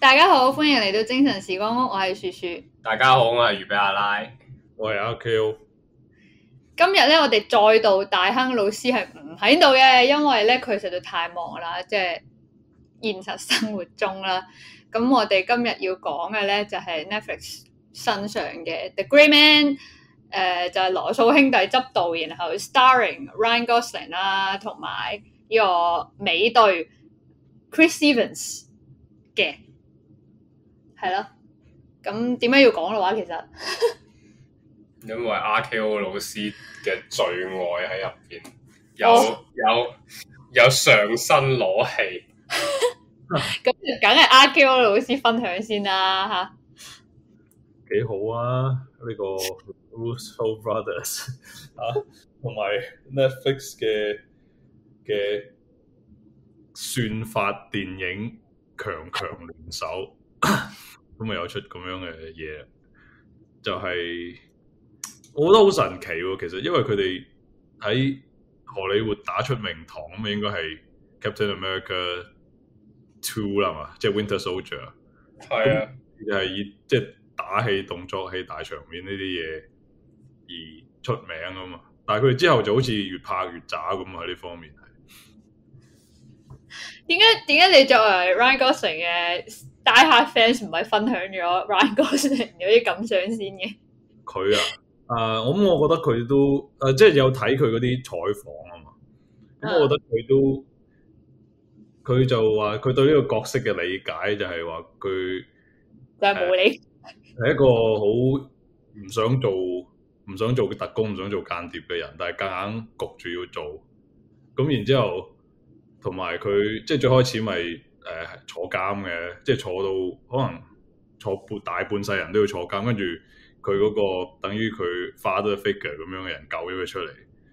大家好，歡迎嚟到精神時光屋，我係雪雪。大家好，我係魚比阿拉，我係阿 Q。今日咧，我哋再度大亨老師係唔喺度嘅，因為咧佢實在太忙啦，即係現實生活中啦。咁我哋今日要講嘅咧就係、是、Netflix 身上嘅 The Gray Man，誒、呃、就係、是、羅素兄弟執導，然後 starring Ryan Gosling 啦，同埋呢個美隊 Chris Evans 嘅。係咯，咁點解要講嘅話？其實 因為阿 k o 老師嘅最愛喺入邊，有、oh. 有有上身裸戲，咁梗係阿 k o 老師分享先啦嚇。幾好啊！呢、呢個 Russo Brothers 啊，同埋 Netflix 嘅嘅算法電影強強聯手。咁啊， 有出咁樣嘅嘢，就係、是、我覺得好神奇。其實，因為佢哋喺荷里活打出名堂咁啊，應該係 Captain America Two 啦嘛，即係 Winter Soldier 係啊，而係以即係打戲、動作戲、大場面呢啲嘢而出名啊嘛。但係佢哋之後就好似越拍越渣咁。喺呢方面係點解？點解你作為 Ryan Gosling 嘅？街下 fans 唔係分享咗 Ryan Gosling 嗰啲感想先嘅。佢啊，誒、uh，我咁，我覺得佢都誒、啊，即係有睇佢嗰啲採訪啊嘛。咁，我覺得佢都，佢就話佢對呢個角色嘅理解就係話佢係冇理，係、啊、一個好唔想做、唔想做特工、唔想做間諜嘅人，但係夾硬焗住要做。咁然之後，同埋佢即係最開始咪、就是。誒，坐監嘅，即係坐到可能坐半大半世人都要坐監，跟住佢嗰個等於佢 father figure 咁樣嘅人救咗佢出嚟，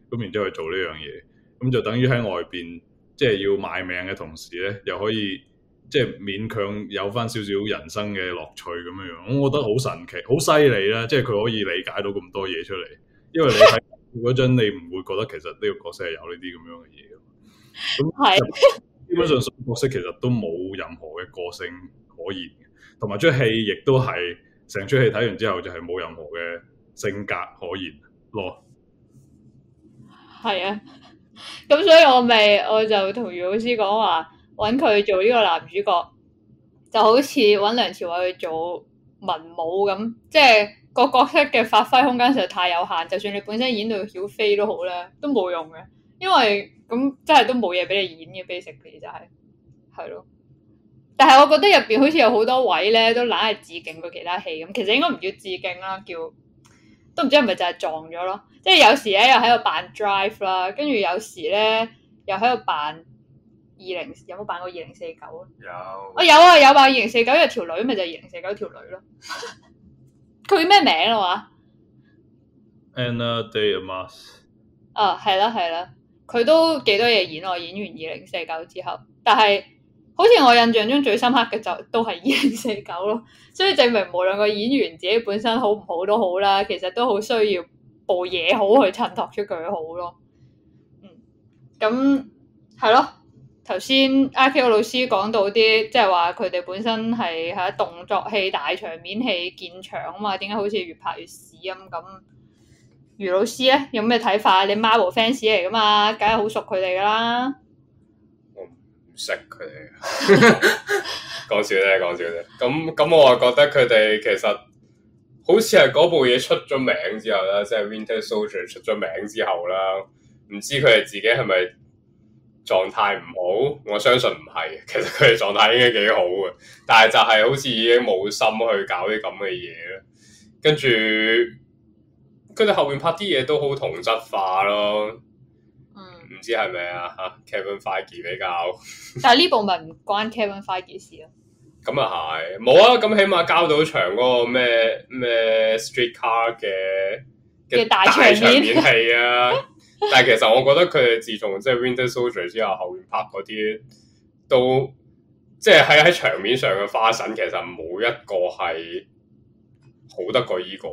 咁然之後去做呢樣嘢，咁就等於喺外邊即係要賣命嘅同時咧，又可以即係勉強有翻少少人生嘅樂趣咁樣樣。我覺得好神奇，好犀利啦！即係佢可以理解到咁多嘢出嚟，因為你睇嗰張你唔會覺得其實呢個角色係有呢啲咁樣嘅嘢。咁係。 基本上所有角色其實都冇任何嘅個性可言，同埋出戲亦都係成出戲睇完之後就係冇任何嘅性格可言咯。係啊，咁所以我咪我就同余老師講話，揾佢做呢個男主角，就好似揾梁朝偉去做文武咁，即係個角色嘅發揮空間實在太有限。就算你本身演到曉飛都好啦，都冇用嘅，因為。咁真係都冇嘢俾你演嘅，basically 就係、是，係咯。但係我覺得入邊好似有好多位咧，都懶係致敬過其他戲。咁其實應該唔叫致敬啦，叫都唔知係咪就係撞咗咯。即係有時咧又喺度扮 drive 啦，跟住有時咧又喺度扮二零，有冇扮過二零四九啊？有，我有啊，有啊！二零四九，就是、條女 有條女咪就二零四九條女咯。佢咩名啊？話 Ana de Armas。啊，係啦，係啦。佢都幾多嘢演啊！我演完二零四九之後，但係好似我印象中最深刻嘅就都係二零四九咯。所以證明無論個演員自己本身好唔好都好啦，其實都好需要部嘢好去襯托出佢好咯。嗯，咁係咯。頭先阿 K O 老師講到啲，即係話佢哋本身係喺動作戲、大場面戲見場啊嘛，點解好似越拍越屎咁？余老師咧，有咩睇法？你 Marvel fans 嚟噶嘛？梗係好熟佢哋噶啦。我唔識佢哋，講笑啫， 講笑啫。咁咁，我啊覺得佢哋其實好似係嗰部嘢，出咗名之後咧，即係 Winter Soldier 出咗名之後啦。唔知佢哋自己係咪狀態唔好？我相信唔係，其實佢哋狀態應該幾好嘅。但係就係好似已經冇心去搞啲咁嘅嘢啦。跟住。佢哋後面拍啲嘢都好同質化咯，唔、嗯、知係咪啊？哈，Kevin Feige 比較但不不，但係呢部咪唔關 Kevin Feige 事咯。咁啊，係冇啊。咁起碼交到場嗰個咩咩 Street Car 嘅嘅大場面係啊。 但係其實我覺得佢哋自從即係 Winter Soldier 之後後面拍嗰啲都即係喺喺場面上嘅花臣，其實冇一個係好得過依個。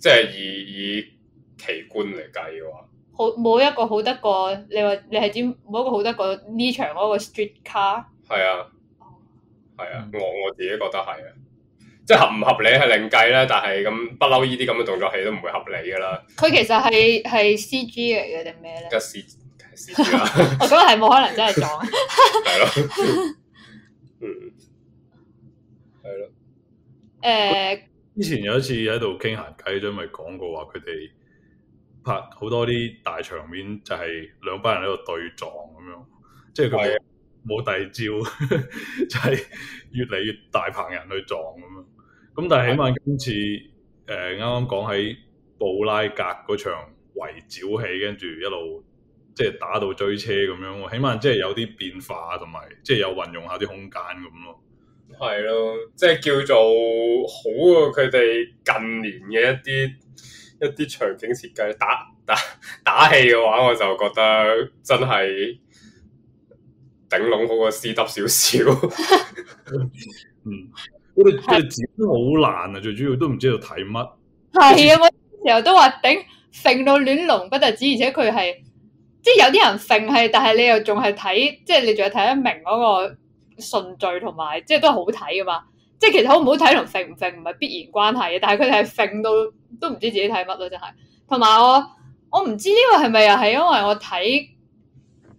即係以以奇觀嚟計嘅話，好冇一個好得過你話你係點？冇一個好得過呢場嗰個 street car。係啊，係啊，我我自己覺得係啊，即係合唔合理係另計啦。但係咁不嬲，呢啲咁嘅動作戲都唔會合理噶啦。佢其實係係 C G 嚟嘅定咩咧？梗係 C G 啊！我覺得係冇可能真係撞 是的。係 咯，嗯，係咯，誒、嗯。之前有一次喺度傾閒偈，都咪講過話佢哋拍好多啲大場面，就係兩班人喺度對撞咁樣，即係佢冇第二招，的 就係越嚟越大棚人去撞咁樣。咁、嗯、但係起碼今次誒，啱啱講喺布拉格嗰場圍剿戲，跟住一路即係打到追車咁樣，起碼即係有啲變化，同埋即係有運用下啲空間咁咯。係咯，即係叫做。好啊！佢哋近年嘅一啲一啲場景設計打打打戲嘅話，我就覺得真係頂籠好過 CW 少少。 嗯，佢哋佢哋剪好難啊！最主要都唔知道睇乜。係啊， 我有時候都話頂揈到亂龍，不得止，而且佢係即係有啲人揈係，但係你又仲係睇，即係你仲係睇得明嗰個順序同埋，即係都係好睇噶嘛。即係其實好唔好睇同揈唔揈唔係必然關係嘅，但係佢哋係揈到都唔知自己睇乜咯，真係。同埋我我唔知呢個係咪又係因為我睇誒、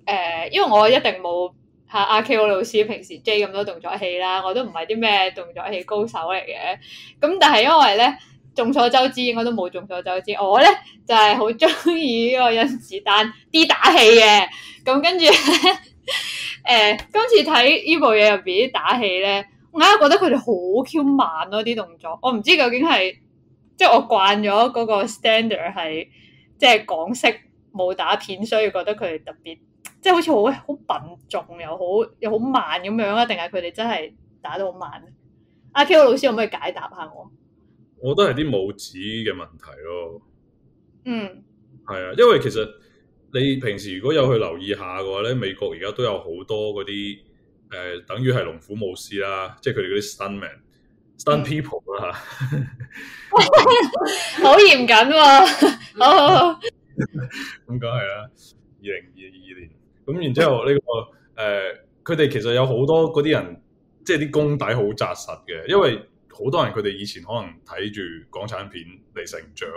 呃，因為我一定冇吓阿 Ko 老師平時 J 咁多動作戲啦，我都唔係啲咩動作戲高手嚟嘅。咁但係因為咧，眾所周知，應該都冇眾所周知。我咧就係好中意呢個甄子丹啲打戲嘅。咁跟住誒、 呃、今次睇呢部嘢入邊啲打戲咧。我硬、啊、覺得佢哋好 Q 慢咯、啊，啲動作我唔知究竟係即係我慣咗嗰個 standard 係即係港式武打片，所以覺得佢哋特別即係好似好好笨重又好又好慢咁樣啊？定係佢哋真係打得好慢咧？阿 Ko 老師可唔可以解答下我？我覺得係啲武指嘅問題咯。嗯，係啊，因為其實你平時如果有去留意下嘅話咧，美國而家都有好多嗰啲。誒，uh, 等於係龍虎武師啦，即係佢哋嗰啲 stunt man S、mm. 啊、stunt people 啦吓，好嚴謹喎，咁梗係啦，二零二二年，咁然之後呢、這個誒，佢、呃、哋其實有好多嗰啲人，即係啲功底好扎實嘅，因為好多人佢哋以前可能睇住港產片嚟成長，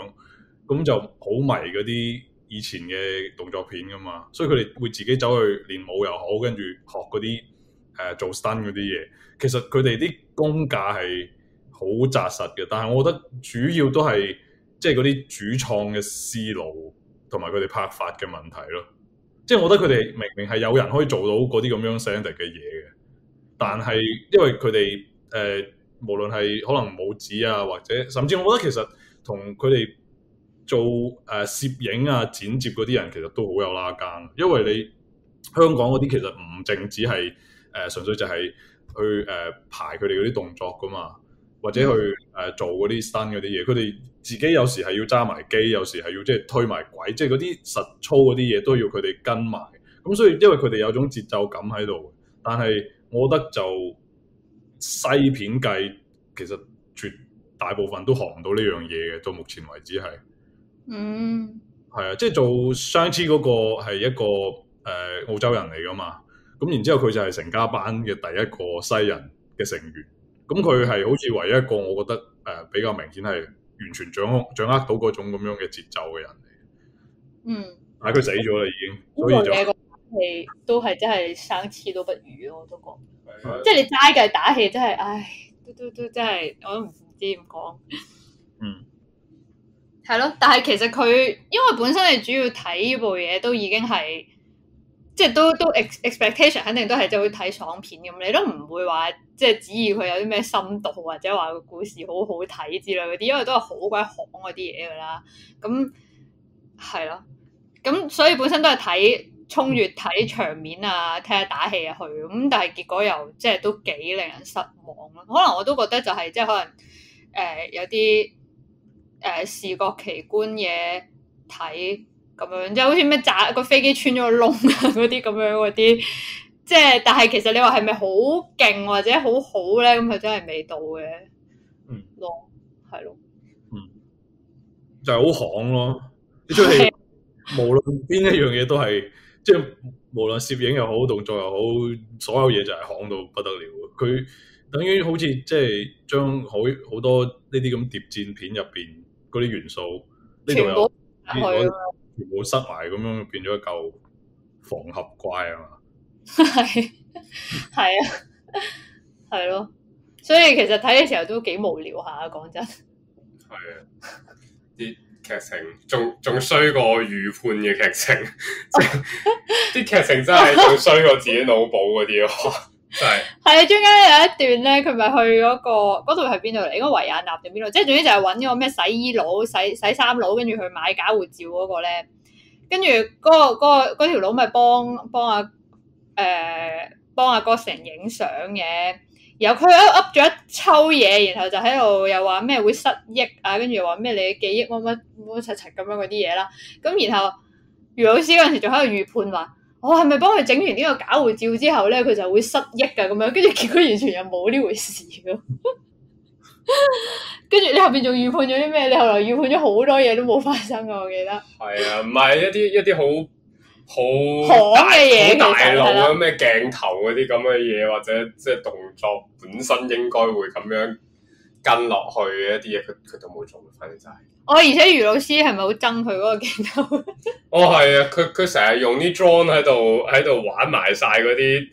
咁就好迷嗰啲以前嘅動作片噶嘛，所以佢哋會自己走去練武又好，跟住學嗰啲。誒做 stunt 嗰啲嘢，其實佢哋啲功架係好扎實嘅，但係我覺得主要都係即係嗰啲主創嘅思路同埋佢哋拍法嘅問題咯。即係我覺得佢哋明明係有人可以做到嗰啲咁樣 standard 嘅嘢嘅，但係因為佢哋誒無論係可能武指啊，或者甚至我覺得其實同佢哋做誒、呃、攝影啊、剪接嗰啲人其實都好有拉更，因為你香港嗰啲其實唔淨止係。誒、呃、純粹就係去誒、呃、排佢哋嗰啲動作㗎嘛，或者去誒、呃、做嗰啲新嗰啲嘢。佢哋自己有時係要揸埋機，有時係要即係推埋軌，即係嗰啲實操嗰啲嘢都要佢哋跟埋。咁、嗯、所以因為佢哋有種節奏感喺度，但係我覺得就西片計其實絕大部分都學唔到呢樣嘢嘅。到目前為止係，嗯，係啊，即係做雙屍嗰個係一個誒、呃、澳洲人嚟㗎嘛。咁然之後佢就係成家班嘅第一個西人嘅成員，咁佢係好似唯一一個我覺得誒、呃、比較明顯係完全掌控掌握到嗰種咁樣嘅節奏嘅人嚟。嗯，但係佢死咗啦，已經，所以這就係都係真係生次都不如咯，我都覺，即係的你齋嘅打戲真係，唉，都都都真係，我都唔知點講。嗯，係咯，但係其實佢因為本身你主要睇呢部嘢都已經係。即係都都 expectation 肯定都係即係睇爽片咁，你都唔會話即係指意佢有啲咩深度或者話個故事好好睇之類嗰啲，因為都係好鬼行嗰啲嘢噶啦。咁係咯，咁所以本身都係睇衝越睇場面啊，聽下打戲啊去咁，但係結果又即係都幾令人失望咯。可能我都覺得就係、是、即係可能誒、呃、有啲誒、呃、視覺奇觀嘢睇。咁樣即係好似咩炸個飛機穿咗個窿啊嗰啲咁樣嗰啲，即係但係其實你話係咪好勁或者好好咧咁，佢真係未到嘅，嗯，咯，係咯，嗯，就係、是、好行咯。呢出戲無論邊一樣嘢都係，即係無論攝影又好，動作又好，所有嘢就係行到不得了。佢等於好似即係將好好多呢啲咁諜戰片入邊嗰啲元素呢度你冇塞埋咁樣變咗一嚿縫合怪 啊嘛，係係啊，係咯、 啊，所以其實睇嘅時候都幾無聊下，講真。係啊，啲劇情仲仲衰過預判嘅劇情，啲劇情， 情真係仲衰過自己腦補嗰啲係，係啊！中間有一段咧，佢咪去嗰、嗰個，嗰度係邊度嚟？應該維也納定邊度？即係總之就係搵嗰個咩洗衣佬、洗洗衫佬，跟住去買假護照嗰個咧。跟住嗰個、嗰個、嗰條佬咪幫幫阿誒幫阿哥成影相嘅。然後佢喺度噏咗一抽嘢，然後就喺度又話咩會失憶啊，跟住話咩你記憶乜乜乜乜柒柒咁樣嗰啲嘢啦。咁然後余老師嗰陣時仲喺度預判話。我係咪幫佢整完呢個假護照之後咧，佢就會失憶噶咁樣？跟住結果完全又冇呢回事咯。跟 住你後邊仲預判咗啲咩？你後來預判咗好多嘢都冇發生噶，我記得。係啊，唔係一啲一啲好好大嘅嘢，大路啊，咩鏡頭嗰啲咁嘅嘢，或者即係、就是、動作本身應該會咁樣跟落去嘅一啲嘢，佢佢都冇做反正就嘢、係。我、哦、而且余老師係咪好憎佢嗰個鏡、哦、頭？哦係啊，佢佢成日用啲 draw 喺度喺度玩埋晒嗰啲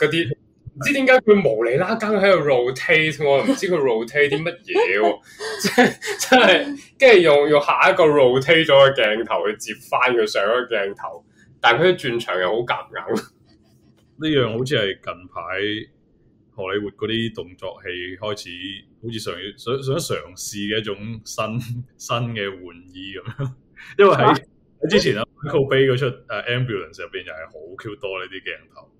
嗰啲，唔知點解佢無厘啦更喺度 rotate，我唔知佢 rotate 啲乜嘢，即係真係，跟住用用下一個 rotate 咗個鏡頭去接翻佢上一個鏡頭，但佢啲轉場又好夾硬。呢樣好似係近排，荷里活嗰啲動作戲開始好，好似嘗想想嘗試嘅一種新新嘅玩意咁樣，因為喺、啊、之前啊 Michael Bay 嗰出誒、啊、Ambulance 入邊又係好 Q 多呢啲鏡頭。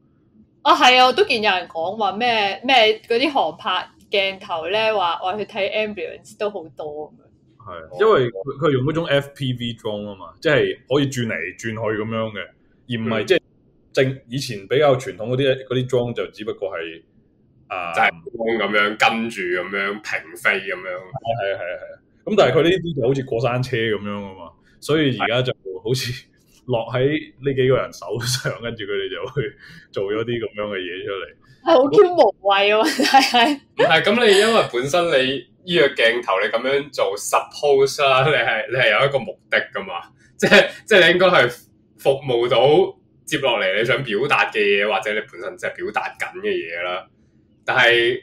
啊，係啊，我都見有人講話咩咩嗰啲航拍鏡頭咧，話話去睇 Ambulance 都好多咁樣。係，因為佢佢用嗰種 FPV 裝啊嘛，即係可以轉嚟轉去咁樣嘅，而唔係即係正以前比較傳統啲嗰啲裝就只不過係。啊，就係普通咁樣跟住咁樣平飛咁樣，係啊係啊係啊。咁但係佢呢啲就好似過山車咁樣啊嘛，所以而家就好似落喺呢幾個人手上，跟住佢哋就去做咗啲咁樣嘅嘢出嚟，係好 Q 無畏啊嘛，係，係唔係咁？你因為本身你呢個鏡頭你咁樣做，suppose 啦，你係你係有一個目的噶嘛，即係即係你應該係服務到接落嚟你想表達嘅嘢，或者你本身即係表達緊嘅嘢啦。但係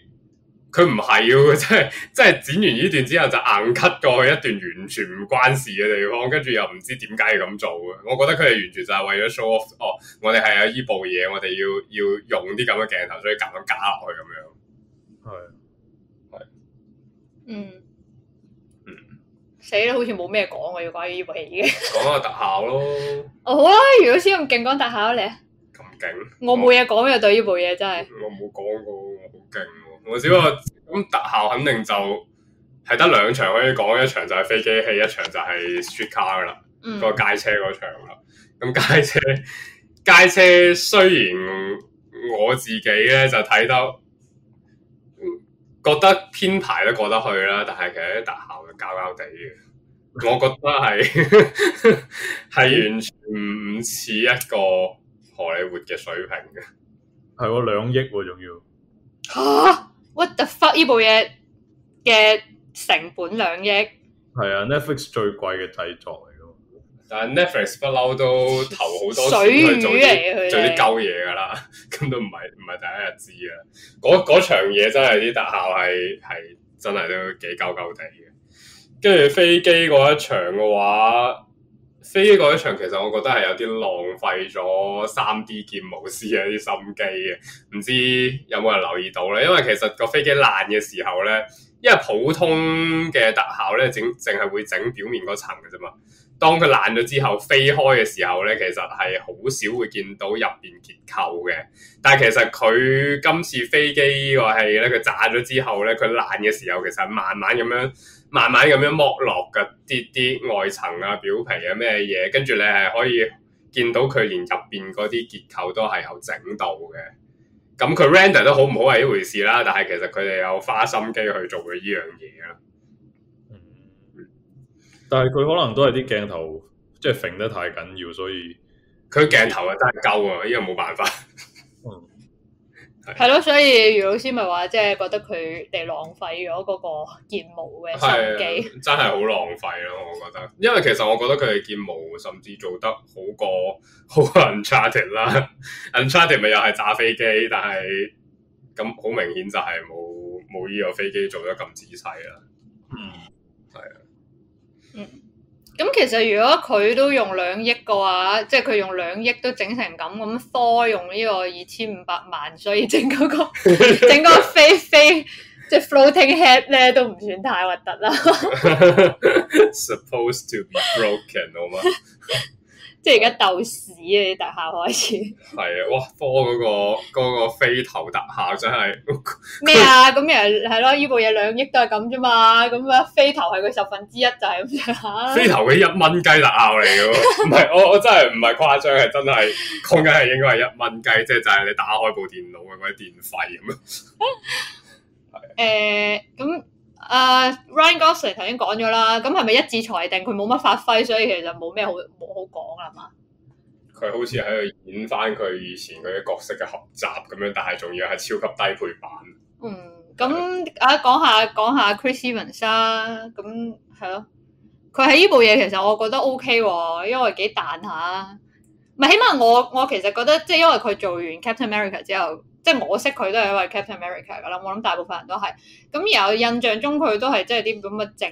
佢唔係喎，即係即係剪完呢段之後就硬 cut 過去一段完全唔關事嘅地方，跟住又唔知點解要咁做嘅。我覺得佢哋完全就係為咗 show off，哦，我哋係有呢部嘢，我哋要要用啲咁嘅鏡頭，所以夾硬加落去咁樣。係係，嗯嗯，死啦、嗯，好似冇咩講啊，我要關於呢部戲嘅。講下 特效咯。哦好啦、啊，如果先咁勁講特效咧，咁勁，我冇嘢講嘅對呢部嘢真係。我冇講過。勁喎，嗯、只我只不過咁特效肯定就係得兩場可以講，一場就係飛機戲，一場就係 street car 噶啦，個、嗯、街車嗰場啦。咁街車街車雖然我自己咧就睇得、嗯，覺得編排都過得去啦，但係其實啲特效又搞搞地嘅，我覺得係係 完全唔似一個荷里活嘅水平嘅，係我兩億仲、啊、要。吓，What the fuck？呢部嘢嘅成本兩億，係啊，Netflix 最貴嘅製作嚟咯。但係 Netflix 不嬲都投好多錢去做啲做啲鳩嘢噶啦，咁都唔係唔係第一日知啊。嗰嗰場嘢真係啲特效係係真係都幾鳩鳩地嘅。跟住飛機嗰一場嘅話。飛機嗰場其實我覺得係有啲浪費咗三 D 建模師一啲心機嘅，唔知有冇人留意到呢？因為其實個飛機爛嘅時候呢，因為普通嘅特效呢，整淨係會整表面嗰層嘅啫嘛。當佢爛咗之後飛開嘅時候呢，其實係好少會見到入邊結構嘅。但係其實佢今次飛機個戲呢，佢炸咗之後呢，佢爛嘅時候其實慢慢咁樣。慢慢咁樣剝落嘅啲啲外層啊、表皮啊咩嘢，跟住你係可以見到佢連入邊嗰啲結構都係有整到嘅。咁佢 render 得好唔好係一回事啦，但係其實佢哋有花心機去做嘅呢樣嘢啦。嗯，但係佢可能都係啲鏡頭即係揈得太緊要，所以佢鏡頭啊真係夠啊，呢個冇辦法。 係咯，所以余老師咪話，即係覺得佢哋浪費咗嗰個建模嘅心機，真係好浪費咯。我覺得，因為其實我覺得佢哋建模甚至做得好過好過 Uncharted 啦 ，Uncharted 咪又係炸飛機，但係咁好明顯就係冇冇呢個飛機做得咁仔細啦。嗯，係啊的，嗯。咁其實如果佢都用兩億嘅話，即係佢用兩億都整成咁咁，科用呢個二千五百萬，所以整嗰、嗰個整個飛 飛即係 floating head 咧，都唔算太核突啦。 Supposed to be broken，好嘛？ 即係而家鬥屎啊！啲特效開始，係啊，哇！科嗰個嗰個飛頭特效真係咩啊？咁又係咯，依部嘢兩億都係咁啫嘛，咁啊飛頭係佢十分之一就係咁啫吓。飛頭嗰啲一蚊雞特效嚟嘅，唔係 我我真係唔係誇張，係真係，講緊係應該係一蚊雞，即係就係、係、你打開部電腦嘅啲電費咁啊。誒的，咁、呃。誒、uh，Ryan Gosling 頭先講咗啦，咁係咪一致裁定佢冇乜發揮，所以其實冇咩好冇好講啊嘛？佢好似喺度演翻佢以前佢啲角色嘅合集咁樣，但係仲要係超級低配版。嗯，咁吧啊，講下講下 Chris Evans 啦、啊，咁係咯，佢喺呢部嘢其實我覺得 OK 喎、啊，因為幾彈下，唔係起碼我我其實覺得即係因為佢做完 Captain America 之後。即係我識佢都係因為 Captain America 㗎啦，我諗大部分人都係。咁然後印象中佢都係即係啲咁嘅正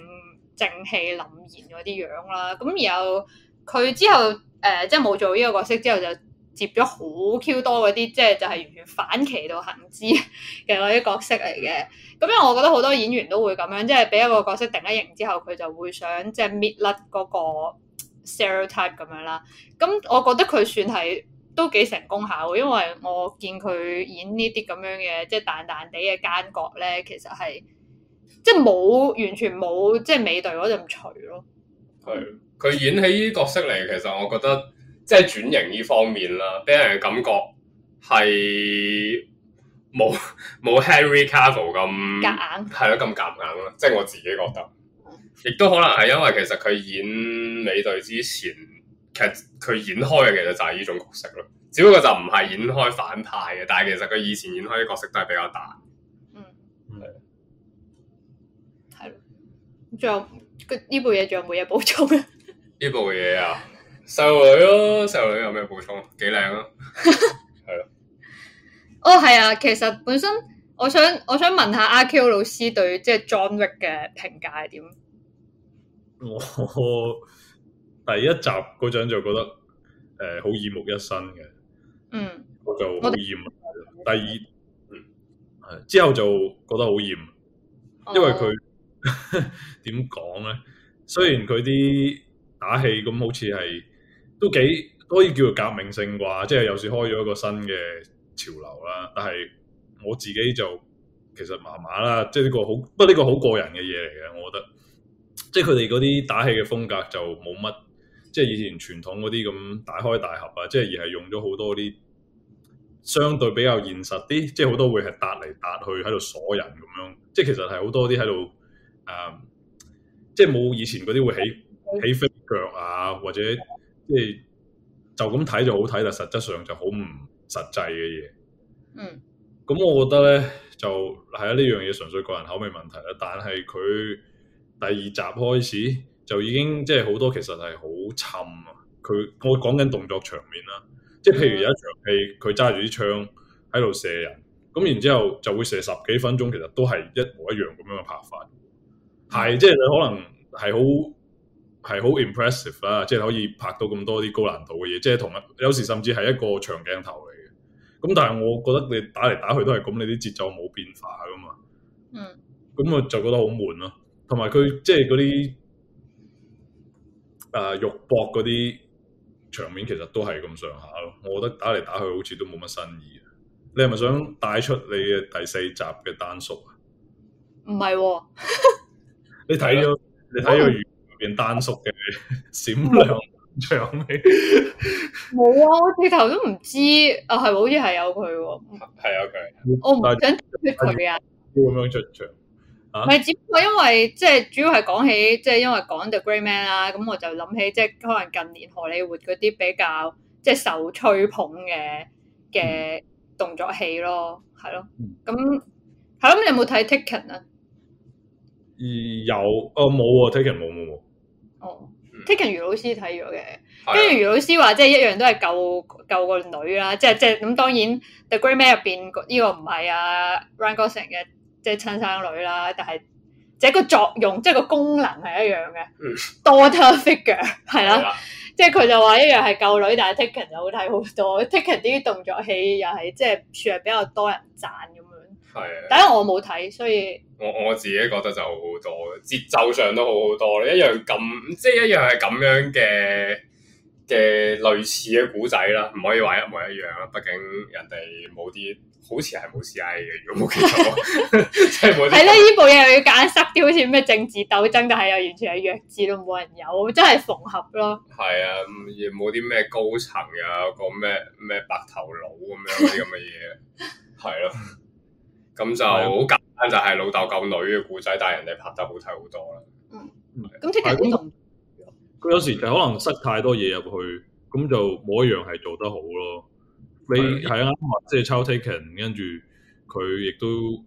正氣凜然嗰啲樣啦。咁然後佢之後誒、呃、即係冇做呢個角色之後就接咗好 Q 多嗰啲即係就係完全反其道行之嘅嗰啲角色嚟嘅。咁的因為我覺得好多演員都會咁樣，即係俾一個角色定咗型之後，佢就會想即係搣甩嗰個 stereotype 咁樣啦。咁我覺得佢算係，都幾成功下，因為我見佢演呢啲咁樣嘅，即係彈彈地嘅奸角咧，其實係即係冇完全冇即係美隊嗰陣除咯。係佢演起呢啲角色嚟，其實我覺得即係轉型呢方面啦，俾人嘅感覺係冇冇 Henry Cavill 咁夾硬，係咯咁夾硬咯，即係我自己覺得。亦都可能係因為其實佢演美隊之前。其實佢演開嘅其實就係呢種角色咯，只不過就唔係演開反派嘅，但係其實佢以前演開啲角色都係比較大，嗯，係，係，仲有呢部嘢仲有冇嘢補充啊？呢部嘢啊，細路女咯，細路女有咩補充啊？幾靚咯，係咯， 的哦，係啊，其實本身我想我想問下阿 Q 老師對即係 John Wick 嘅評價係點？我、就是。 第一集嗰陣就覺得誒好，呃，耳目一新嘅，嗯，我就好厭。第二，係之後就覺得好厭，哦，因為佢點講咧？雖然佢啲打戲咁好似係都幾都可以叫做革命性啩，即，就，係，是，有時開咗一個新嘅潮流啦。但係我自己就其實麻麻啦，即係呢個好不，這個，過呢個好個人嘅嘢嚟嘅，我覺得，即係佢哋嗰啲打戲嘅風格就冇乜。即係以前傳統嗰啲咁大開大合啊，即係而係用咗好多啲相對比較現實啲，即係好多會係搭嚟搭去喺度鎖人咁樣，即係其實係好多啲喺度誒，即係冇以前嗰啲會起起飛腳啊，或者即係就咁睇就，就好睇，但實質上就好唔實際嘅嘢。嗯，咁我覺得咧就係啊呢樣嘢純粹個人口味問題啦，但係佢第二集開始。就已經即係好多，其實係好沉啊！佢我講緊動作場面啦，即係譬如有一場戲，佢揸住啲槍喺度射人，咁然之後就會射十幾分鐘，其實都係一模一樣咁樣嘅拍法，係即係你可能係好係好 impressive 啦，即係、就是、可以拍到咁多啲高難度嘅嘢，即係同有時甚至係一個長鏡頭嚟嘅。咁但係我覺得你打嚟打去都係咁，你啲節奏冇變化噶嘛，嗯，咁我就覺得好悶咯，同埋佢即係嗰啲。誒，肉搏嗰啲場面其實都係咁上下咯，我覺得打嚟打去好似都冇乜新意啊！你係咪想帶出你嘅第四集嘅丹叔啊？唔係喎，你睇咗你睇咗預片，丹叔嘅閃亮場面冇啊！我直頭都唔知、哦哦、 啊，係咪好似係有佢喎？係有佢，我唔想出佢啊！咁樣出場。唔係，啊、只不過因為即係主要係講起，即係因為講 The Gray Man 啦，咁我就諗起即係可能近年荷里活嗰啲比較即係受吹捧嘅嘅動作戲咯，係、嗯、咯。咁係咯，你有冇睇 Taken 啊？有，哦冇啊，Taken 冇冇冇。哦，Taken 余老師睇咗嘅，跟住、嗯、余老師話的即係一樣都係救救個女啦，即係即係咁當然 The Gray Man 入邊呢個唔係啊 Ryan Gosling 嘅即係親生女啦，但係即係個作用，即、就、係、是、個功能係一樣嘅。嗯、多頭 figure 係啦，的即係佢就話一樣係救女，但係 Taken 就好睇好多，Taken 啲動作戲又係即係算係比較多人讚咁樣。係的，但係我冇睇，所以我我自己覺得就好多，節奏上都好好多，一樣咁即係一樣係咁樣嘅嘅類似嘅古仔啦，唔可以話一模一樣啊，畢竟人哋冇啲。好似係冇 C I 嘅，如果冇記錯， 真係冇。係啦， 呢部嘢又要揀塞啲，好似咩政治鬥爭，但係又完全係弱智，都冇人有，真係縫合咯。係、嗯、啊，冇啲咩高層啊，個咩咩白頭佬咁樣啲咁嘅嘢，係咯。咁 就好簡單，就係老豆救女嘅故仔，但係人哋拍得好睇好多啦。嗯，咁即係點？佢有時就可能塞太多嘢入去，咁就冇一樣係做得好咯。你係啊，即係、就是、抄 Taken，跟住佢亦都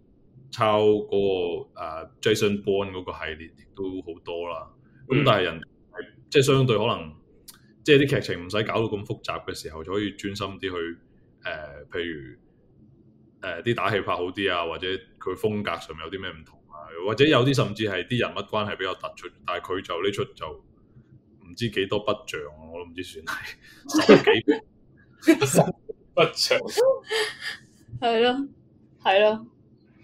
抄嗰個 Jason Bourne 嗰個系列，亦都好多啦。咁但係人即係相對可能，即係啲劇情唔使搞到咁複雜嘅時候，就可以專心啲去誒、呃，譬如誒啲、呃、打戲拍好啲啊，或者佢風格上面有啲咩唔同啊，或者有啲甚至係啲人物關係比較突出，但係佢就呢出就唔知幾多筆仗，我都唔知算係十幾 不長，係咯， 係咯，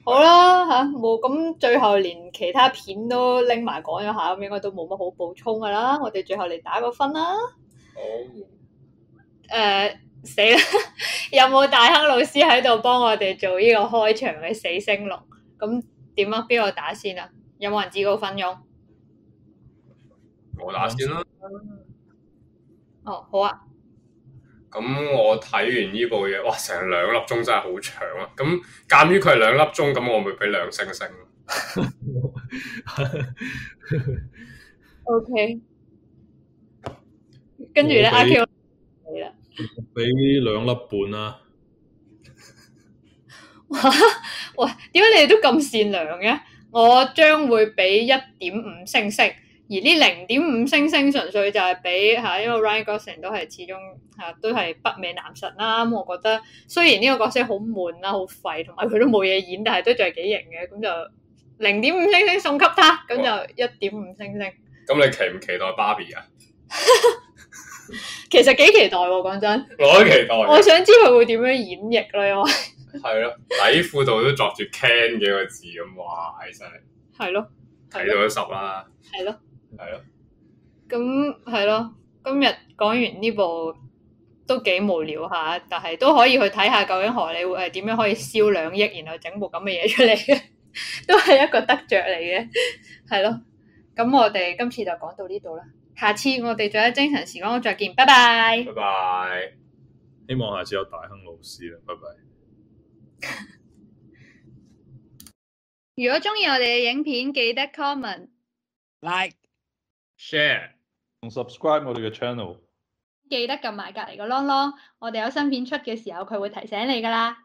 好啦吓，冇、啊、咁、啊、最後連其他片都拎埋講一下，咁應該都冇乜好補充噶啦。我哋最後嚟打個分啦。好、呃。誒，死啦！有冇大亨老師喺度幫我哋做呢個開場嘅死星龍？咁點啊？邊個打先啊？有冇人自告奮勇？我打先啦。哦，好啊。咁我睇完呢部嘢，哇！成兩粒鐘真係好長啊！咁鑑於佢係兩粒鐘，咁我咪俾兩星星 O 給 K，跟住咧，阿 Q，、啊、 你啦，俾兩粒半啦。哇！喂，點解你哋都咁善良嘅？我將會俾一點五星星。而呢零點五星星純粹就係俾嚇，因為 Ryan Gosling 都係始終嚇都係北美男神啦。咁我覺得雖然呢個角色好悶啦、好廢，同埋佢都冇嘢演，但係都仲係幾型嘅。咁就零點五星星送給他，咁就一點五星星。咁你期唔期待芭比啊？其實幾期待喎，講真，我都期待。我想知佢會點樣演繹咯，因為係咯，底褲度都著住 Ken 幾個字咁，哇！真係係咯，睇到一十啦，係咯。係咯，咁係咯，今日講完呢部都幾無聊下，但係都可以去睇下究竟荷里活係點樣可以燒兩億，然後整部咁嘅嘢出嚟嘅， 都係一個得着嚟嘅，係咯。咁我哋今次就講到呢度啦，下次我哋再喺精神時光再見，拜拜，拜拜。希望下次有大亨老師啦，拜拜。 如果中意我哋嘅影片，記得 comment like。share 同 subscribe 我哋嘅 channel，記得撳埋隔離個啷啷，我哋有新片出嘅時候，佢會提醒你㗎喇。